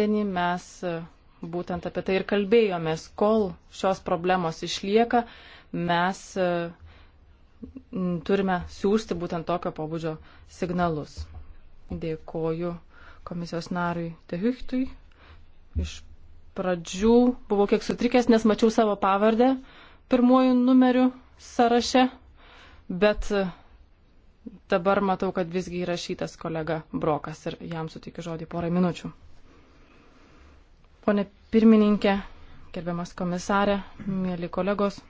Denį mes e, būtent apie tai ir kalbėjomės, kol šios problemos išlieka, mes e, turime siūsti būtent tokio pobūdžio signalus. Dėkoju komisijos nariui Tehichtui. Iš pradžių buvau kiek sutrikęs, nes mačiau savo pavardę pirmojų numerių sąraše, bet e, dabar matau, kad visgi įrašytas kolega Brokas ir jam suteikiu žodį porą minučių. Pone pirmininkė, gerbiamas komisarė, mėly kolegos.